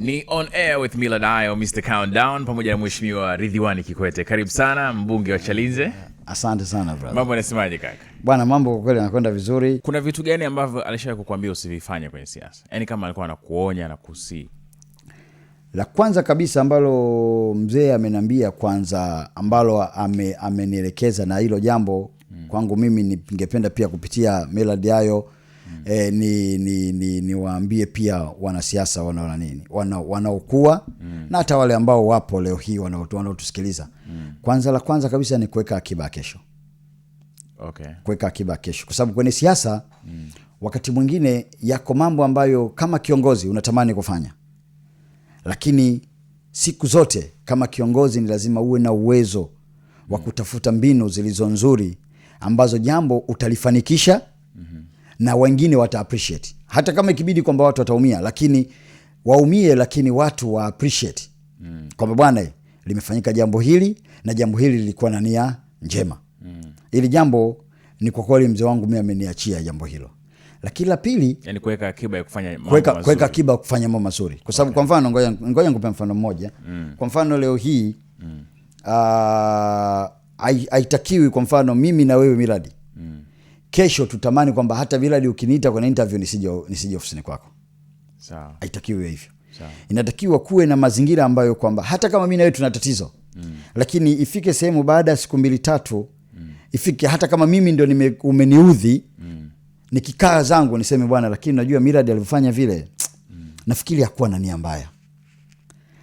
Ni on air with Mila Dayo, Mr. Countdown pamoja na Mheshimiwa Ridhiwani Kikwete. Karibu sana mbunge wa Chalinze. Asante sana brother. Mambo yanasemaje kaka? Bwana, mambo kwa kweli yanakwenda vizuri. Kuna vitu gani ambavyo alishawahi kukuambia usivifanye kwenye siasa? Yaani kama alikuwa anakuonya na kusi. La kwanza kabisa ambalo mzee ameniambia kwanza ambalo ame, amenielekeza na hilo jambo hmm, kwangu mimi ningependa pia kupitia Mila hayo e, ni, ni, ni, ni waambie pia wanasiasa wanaona nini wanaokuwa mm. na hata wale ambao wapo leo hii wanaotusikiliza mm. Kwanza la kwanza kabisa ni kuweka akiba kesho. Okay. Kuweka akiba kesho kwa sababu kwenye siasa mm. wakati mwingine yako mambo ambayo kama kiongozi unatamani kufanya, lakini siku zote kama kiongozi ni lazima uwe na uwezo wa kutafuta mbinu zilizo nzuri ambazo jambo utalifanikisha na wengine wata appreciate, hata kama ikibidi kwamba watu wataumia, lakini waumie, lakini watu wa appreciate mm. kwamba bwana, limefanyika jambo hili na jambo hili lilikuwa na nia njema mm. ili jambo ni kwa kweli mzee wangu mimi ameniachia jambo hilo. Lakini la pili, yani kuweka akiba ya kufanya mambo kuweka, mazuri. Kuweka akiba ya kufanya mambo mazuri kwa sababu okay. Kwa mfano ngoja ngoja ngupe mfano mmoja mm. Kwa mfano leo hii mm. uh, haitakiwi kwa mfano mimi na wewe miradi kesho tutamani kwamba hata Vilali ukiniita kwenye interview nisije nisije ofisini kwako. Sawa. Haitakiwi hivyo. Sawa. Inatakiwa kuwe na mazingira ambayo kwamba hata kama mimi na wewe tuna tatizo mm. lakini ifike sehemu baada ya siku mbili tatu mm. ifike hata kama mimi ndo nime, umeniudhi mm. nikikaa zangu niseme bwana, lakini najua Miradi alivyofanya vile mm. nafikiri hakuwa na nia mbaya,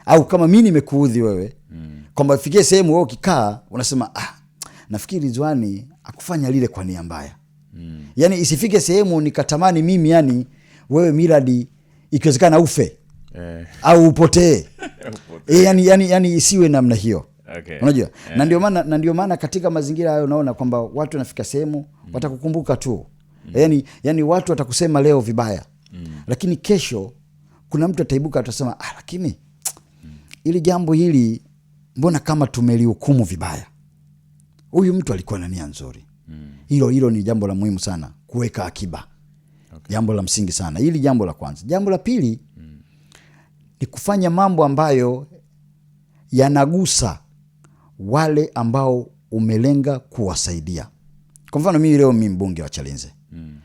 au kama mimi nimekuudhi wewe mm. kwamba ifikie sehemu wewe ukikaa unasema ah, nafikiri zwani akufanya lile kwa nia mbaya mm. Yani isifike sehemu nikatamani mimi yani wewe miradi ikiwezekana ufe eh. au upotee e, yani, yani, yani isiwe namna hiyo okay. Unajua yeah. na ndio maana na ndio maana katika mazingira hayo unaona kwamba watu wanafika sehemu mm. watakukumbuka tu mm. Eh, yani, yani watu watakusema leo vibaya mm. lakini kesho kuna mtu ataibuka atasema ah, lakini mm. ili jambo hili mbona kama tumelihukumu vibaya, huyu mtu alikuwa na nia nzuri. Hilo hilo ni jambo la muhimu sana, kuweka akiba. Okay. Jambo la msingi sana hili, jambo la kwanza. Jambo la pili mm. ni kufanya mambo ambayo yanagusa wale ambao umelenga kuwasaidia. Kwa mfano mii leo mi mbunge wa Chalinze mm.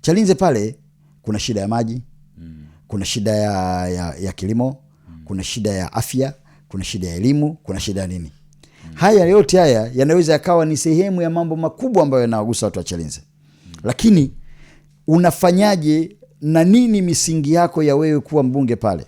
Chalinze pale kuna shida ya maji mm. kuna shida ya, ya, ya kilimo mm. kuna shida ya afya, kuna shida ya elimu, kuna shida ya nini haya yote haya yanaweza yakawa ni sehemu ya mambo makubwa ambayo yanawagusa watu wa Chalinze. Mm. Lakini unafanyaje na nini misingi yako ya wewe kuwa mbunge pale?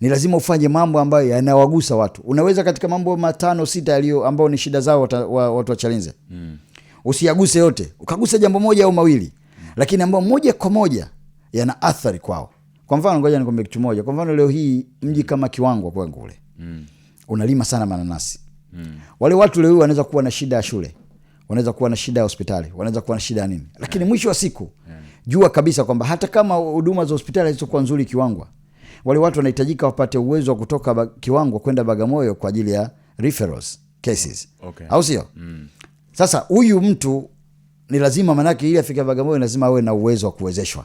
Ni lazima ufanye mambo ambayo yanawagusa watu. Unaweza katika mambo matano sita yaliyo ambayo ni shida zao watu wa, wa Chalinze. Mm. Usiyaguse yote, ukagusa jambo moja au mawili. Mm. Lakini ambayo moja kwa moja yana athari kwao. Kwa mfano, ngoja nikwambie kitu moja. Kwa mfano, leo hii mji kama Kiwangwa kwangu ule. Mm. Unalima sana mananasi. Mm. Wale watu leo wanaweza kuwa na shida ya shule, wanaweza kuwa na shida ya hospitali, wanaweza kuwa na shida ya nini, lakini yeah. mwisho wa siku yeah. jua kabisa kwamba hata kama huduma za hospitali zilizokuwa nzuri Kiwangwa, wale watu wanahitajika wapate uwezo wa kutoka ba, Kiwangwa kwenda Bagamoyo kwa ajili ya referrals cases, mm. okay. au sio? Mm. Sasa huyu mtu ni lazima manake, ili afike Bagamoyo lazima awe na uwezo wa kuwezeshwa.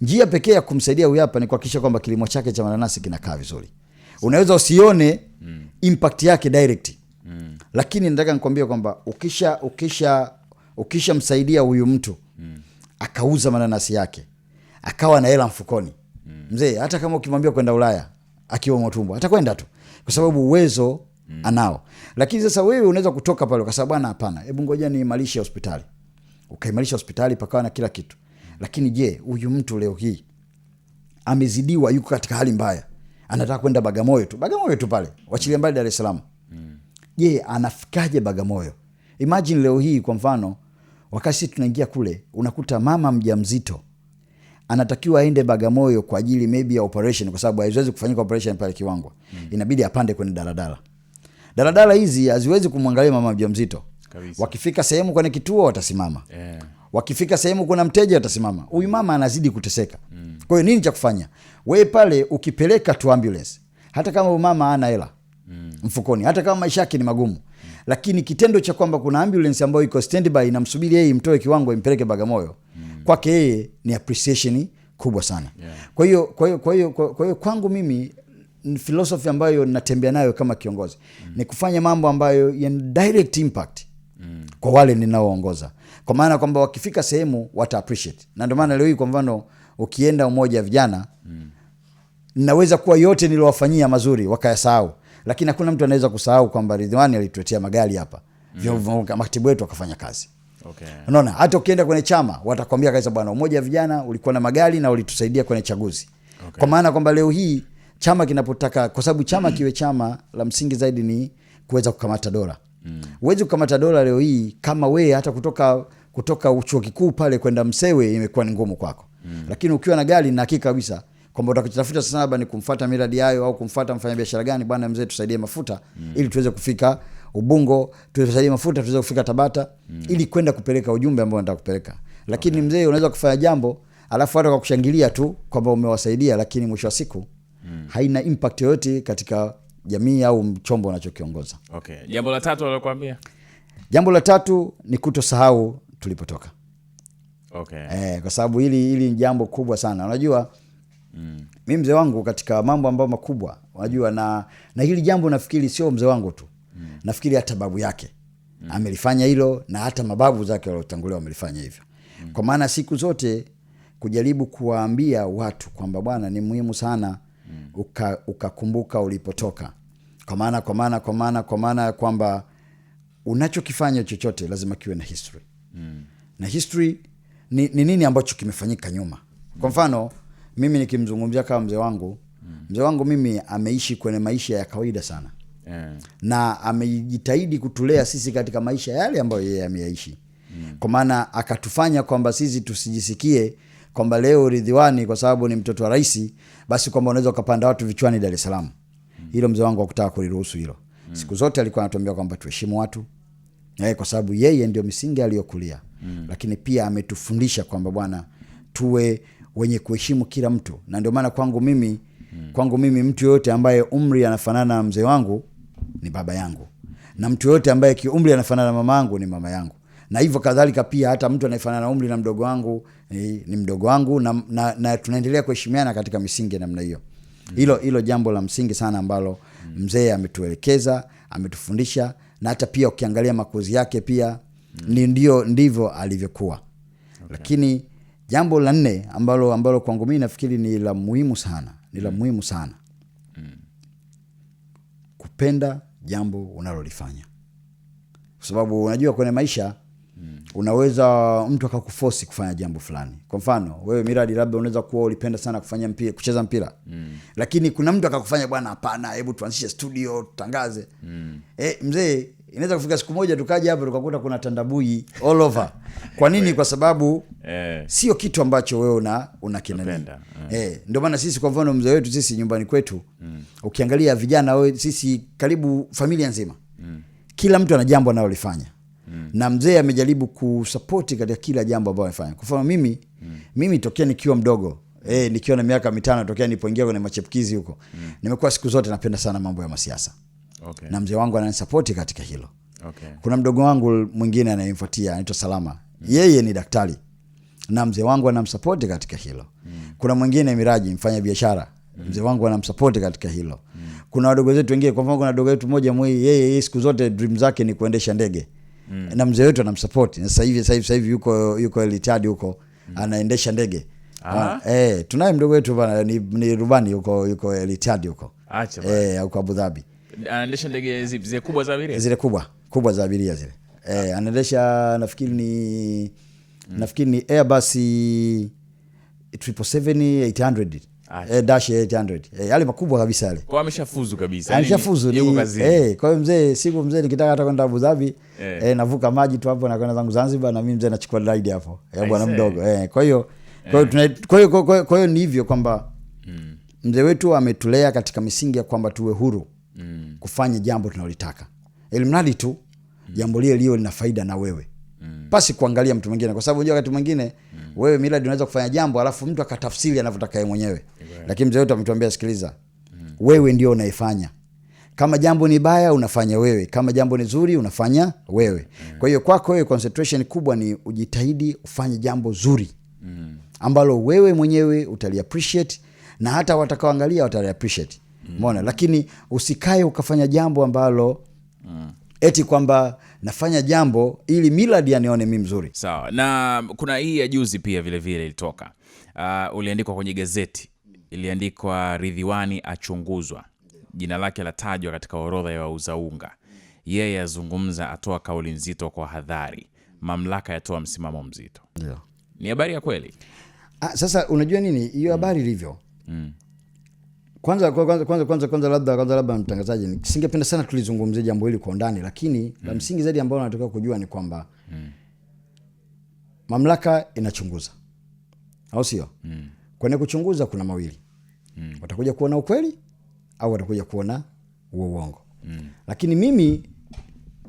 Njia pekee ya kumsaidia huyu hapa ni kuhakikisha kwamba kilimo chake cha mananasi kinakaa vizuri. Unaweza usione mm impact yake direct mm. Lakini nataka nikwambie kwamba ukisha ukisha ukishamsaidia huyu mtu mm. akauza mananasi yake akawa na hela mfukoni mm. mzee, hata kama ukimwambia kwenda Ulaya akiwa mwatumbo atakwenda tu, kwa sababu uwezo mm. anao. Lakini sasa wewe unaweza kutoka pale ukasema bwana, hapana, hebu ngoja niimarishe hospitali, ukaimarisha hospitali pakawa na kila kitu. Mm. Lakini je, huyu mtu leo hii amezidiwa, yuko katika hali mbaya anataka kwenda Bagamoyo tu, Bagamoyo tu pale, wachilia mbali Dar es Salaam. Je, mm. anafikaje Bagamoyo? Imagine leo hii kwa mfano, wakati sisi tunaingia kule, unakuta mama mja mzito anatakiwa aende Bagamoyo kwa ajili maybe ya operation, kwa sababu haiwezi kufanyika operation pale Kiwangwa mm. inabidi apande kwenye daladala. Daladala hizi haziwezi kumwangalia mama mja mzito Wakifika sehemu kwenye kituo watasimama, yeah. Wakifika sehemu kuna mteja atasimama, huyu mama anazidi kuteseka. Kwa hiyo nini cha kufanya? Wewe pale ukipeleka tu ambulance, hata kama mama ana hela mfukoni, hata kama maisha yake ni magumu, lakini kitendo cha kwamba kuna ambulance ambayo iko standby inamsubiri yeye imtoe kiwango impeleke Bagamoyo, kwake yeye ni appreciation kubwa sana. Kwa hiyo kwa hiyo kwa hiyo kwa hiyo kwangu mimi ni philosophy ambayo natembea nayo kama kiongozi ni kufanya mambo ambayo yana direct impact kwa wale ninaoongoza, kwa maana kwamba wakifika sehemu wata appreciate. Na ndio maana leo hii kwa mfano ukienda umoja wa vijana mm. naweza kuwa yote niliowafanyia mazuri wakayasahau, lakini hakuna mtu anaweza kusahau kwamba ridhwani alituletea magari hapa mm. makatibu wetu akafanya kazi Okay. Unaona, hata ukienda kwenye chama watakwambia kabisa, bwana, umoja wa vijana ulikuwa na magari na ulitusaidia kwenye chaguzi. Okay. Kwa maana kwamba leo hii chama kinapotaka, kwa sababu chama kiwe chama, la msingi zaidi ni kuweza kukamata dola. Huwezi mm. kukamata dola leo hii kama we hata kutoka kutoka chuo kikuu pale kwenda Msewe imekuwa ni ngumu kwako mm. lakini ukiwa na gari na hakika kabisa kwamba utakotafuta sasa labda ni kumfuata miradi yayo au kumfuata mfanyabiashara gani, bwana mzee, tusaidie mafuta mm. ili tuweze kufika Ubungo, tusaidie mafuta tuweze kufika Tabata mm. ili kwenda kupeleka ujumbe ambao nataka kupeleka. Lakini okay. mzee, unaweza kufanya jambo alafu hata kwa kushangilia tu kwamba umewasaidia, lakini mwisho wa siku mm. haina impact yoyote katika jamii au chombo unachokiongoza. Okay. Jambo la tatu alokuambia jambo la tatu ni kutosahau tulipotoka. Okay. Eh, kwa sababu hili hili ni jambo kubwa sana unajua mm. Mi mzee wangu katika mambo ambayo makubwa unajua, na, na hili jambo nafikiri sio mzee wangu tu mm. nafikiri hata babu yake mm. amelifanya hilo na hata mababu zake waliotangulia wamelifanya hivyo mm. kwa maana siku zote kujaribu kuwaambia watu kwamba bwana, ni muhimu sana uka, ukakumbuka ulipotoka kwa maana kwa maana kwa maana kwa maana ya kwamba unachokifanya chochote lazima kiwe na history mm. na history ni, ni nini ambacho kimefanyika nyuma kwa mfano mimi nikimzungumzia kama mzee wangu mm. mzee wangu mimi ameishi kwenye maisha ya kawaida sana yeah. na amejitahidi kutulea sisi katika maisha yale ambayo yeye ameyaishi mm. kwa maana akatufanya kwamba sisi tusijisikie kwamba leo Ridhiwani kwa sababu ni mtoto wa rais, basi kwamba unaweza ukapanda watu vichwani Dar es Salaam. Hilo mzee wangu akutaka kuliruhusu hilo. Siku zote alikuwa anatuambia kwamba tuheshimu watu eh, kwa sababu yeye ndio misingi aliyokulia mm. Lakini pia ametufundisha kwamba bwana, tuwe wenye kuheshimu kila mtu, na ndio maana kwangu mimi mm. kwangu mimi mtu yoyote ambaye umri anafanana na mzee wangu ni baba yangu, na mtu yoyote ambaye kiumri anafanana na mama yangu ni mama yangu, na hivyo kadhalika pia hata mtu anayefanana umri na mdogo wangu ni mdogo wangu na, na, na tunaendelea kuheshimiana katika misingi ya namna hiyo. Hilo hilo jambo la msingi sana ambalo mzee ametuelekeza, ametufundisha na hata pia ukiangalia makozi yake pia ni ndio ndivyo alivyokuwa. Okay. Lakini jambo la nne ambalo ambalo kwangu mimi nafikiri ni la muhimu sana, ni la mm. muhimu sana. Mm. Kupenda jambo unalolifanya. Kwa sababu unajua kwenye maisha unaweza mtu akakufosi kufanya jambo fulani kwa mfano wewe miradi labda unaweza kuwa ulipenda sana kufanya mpira, kucheza mpira mm. lakini kuna mtu akakufanya bwana hapana hebu tuanzishe studio tutangaze mm. e, mzee inaweza kufika siku moja tukaja hapo tukakuta kuna tandabui all over kwa nini kwa sababu eh. sio kitu ambacho wewe una unakinani eh. eh, ndio maana sisi kwa mfano mzee wetu sisi nyumbani kwetu mm. ukiangalia vijana we, sisi karibu familia nzima mm. kila mtu ana jambo analolifanya Mm. na mzee amejaribu kusapoti katika kila jambo ambayo amefanya. Kwa mfano mimi mm. mimi tokea nikiwa mdogo e, nikiwa na miaka mitano tokea nipoingia kwenye machepukizi huko mm. nimekuwa siku zote napenda sana mambo ya masiasa okay. na mzee wangu ananisapoti katika hilo okay. Kuna mdogo wangu mwingine anayemfuatia anaitwa Salama mm. yeye ni daktari na mzee wangu anamsapoti katika hilo mm. Kuna mwingine Miraji mfanya biashara mm. mzee wangu anamsapoti katika hilo mm. Kuna wadogo zetu wengine, kwa mfano kuna dogo wetu mmoja mwii yeye siku zote dream zake ni kuendesha ndege mm. na mzee wetu anamsupport sasa hivi sasa hivi sasa hivi yuko yuko Elitadi huko mm. anaendesha ndege ah, eh, tunaye mdogo wetu bana ni, ni rubani yuko yuko Elitadi huko acha eh, huko Abu Dhabi anaendesha ndege zipi zile kubwa za abiria zile kubwa kubwa za abiria zile eh, ah. anaendesha nafikiri ni mm. nafikiri ni Airbus 777 800 eh, dash 800 eh, yale makubwa kabisa yale, kwa ameshafuzu kabisa, yaani ameshafuzu ni kazini eh. Kwa hiyo mzee, siku mzee nikitaka hata kwenda Abu Dhabi eh, eh, navuka maji tu hapo na kwenda zangu Zanzibar, na mimi mzee nachukua ride hapo ya eh, bwana mdogo eh. Kwa hiyo kwa hiyo eh. tuna kwa hiyo kwa hiyo ni hivyo kwamba mm. mzee wetu ametulea katika misingi ya kwamba tuwe huru mm. kufanya jambo tunalotaka, elimradi tu hmm. jambo lile lio lina faida na wewe pasi kuangalia mtu mwingine, kwa sababu unajua wakati mwingine mm. wewe miradi unaweza kufanya jambo alafu mtu akatafsiri anavyotaka yeye mwenyewe yeah. Lakini mzee wetu ametuambia sikiliza, mm. wewe ndio unaifanya kama jambo ni baya unafanya wewe, kama jambo ni zuri unafanya wewe mm. Kwa hiyo kwako wewe concentration kubwa ni ujitahidi ufanye jambo zuri mm. ambalo wewe mwenyewe utali appreciate na hata watakaoangalia watali appreciate mm. mbona lakini usikae ukafanya jambo ambalo mm. eti kwamba nafanya jambo ili milad anione mi mzuri. Sawa. Na kuna hii ya juzi pia vilevile vile ilitoka, uh, uliandikwa kwenye gazeti, iliandikwa Ridhiwani achunguzwa, jina lake latajwa katika orodha ya wauzaunga yeye azungumza, atoa kauli nzito kwa hadhari, mamlaka yatoa msimamo mzito. yeah. Ni habari ya kweli. Ah, sasa unajua nini hiyo habari ilivyo mm. Kwanza kwanza kwanza kwanza kwanza labda kwanza labda mtangazaji, singependa sana tulizungumzie jambo hili kwa undani, lakini mm. la msingi zaidi ambalo natoka kujua ni kwamba mm. mamlaka inachunguza, au sio? mm. kwenye kuchunguza kuna mawili mm. watakuja kuona ukweli au watakuja kuona uongo mm. lakini mimi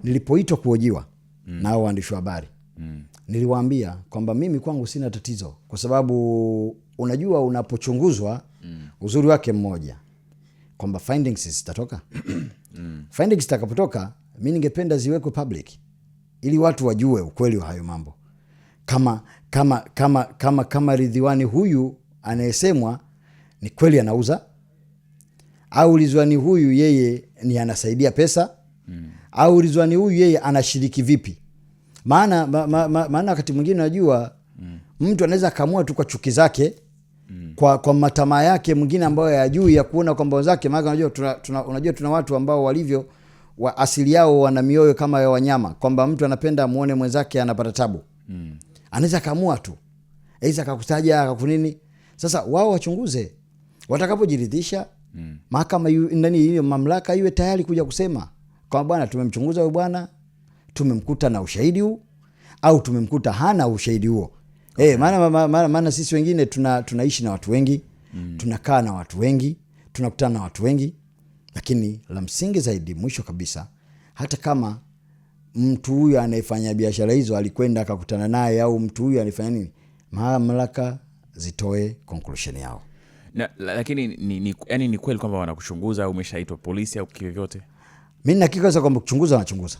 nilipoitwa kuojiwa mm. na hao waandishi wa habari mm. niliwaambia kwamba mimi kwangu sina tatizo, kwa sababu unajua unapochunguzwa uzuri wake mmoja kwamba findings zitatoka mm. findings zitakapotoka, mi ningependa ziwekwe public ili watu wajue ukweli wa hayo mambo, kama kama kama kama kama Ridhiwani huyu anayesemwa ni kweli anauza au Ridhiwani huyu yeye ni anasaidia pesa mm. au Ridhiwani huyu yeye anashiriki vipi? Maana ma, ma, ma, maana wakati mwingine najua mm. mtu anaweza akaamua tu kwa chuki zake Mm. kwa, kwa matamaa yake mwingine ambayo yajui ya kuona kwamba wenzake, maana unajua tuna, tuna, unajua tuna watu ambao walivyo wa asili yao wana mioyo kama ya wanyama, kwamba mtu anapenda amuone mwenzake anapata tabu mm. anaweza akaamua tu aiza akakutaja akakunini. Sasa wao wachunguze watakapojiridhisha mm. mahakama nani mamlaka iwe tayari kuja kusema kwamba bwana, tumemchunguza huyu bwana, tumemkuta na ushahidi huu au tumemkuta hana ushahidi huo Eh, okay. E, maana, maana, maana sisi wengine tuna, tunaishi na watu wengi mm. tunakaa na watu wengi tunakutana na watu wengi, lakini la msingi zaidi, mwisho kabisa, hata kama mtu huyu anayefanya biashara hizo alikwenda akakutana naye au mtu huyu anaefanya nini, mamlaka zitoe conclusion yao na, lakini ni, ni, yani ni kweli kwamba wanakuchunguza au umeshaitwa polisi au kivyovyote? Mi nahakika kwamba kuchunguza wanachunguza.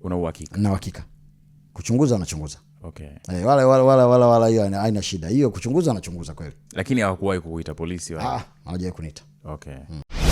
Una uhakika? Na uhakika kuchunguza wanachunguza. Okay. wala eh, wala wala wala wala hiyo haina shida. Hiyo kuchunguza anachunguza kweli. Lakini hawakuwahi kukuita polisi wala. Ah, hawajawahi kuniita. Okay. Hmm.